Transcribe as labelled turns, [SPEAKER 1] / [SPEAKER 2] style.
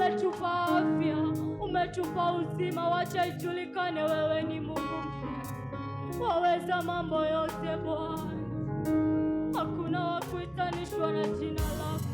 [SPEAKER 1] umetupa afya, umetupa uzima, wacha ijulikane wewe ni Mungu waweza mambo yote Bwana, hakuna wakuitanishwa na jina lako.